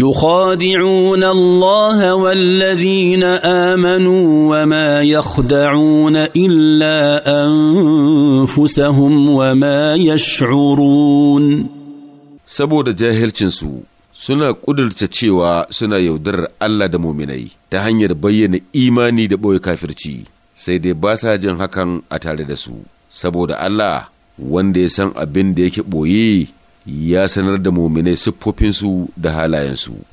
يخادعون الله والذين امنوا وما يخدعون الا انفسهم وما يشعرون saboda jahilcinsu suna ƙudurta cewa suna yaudarar Allah da muminai ta hanyar bayyana imani da ɓoye kafirci sai dai ba sa jin hakan a tare da su saboda Allah wanda ya san abin da yake ɓoye ya sanar da muminai siffofinsu da halayensu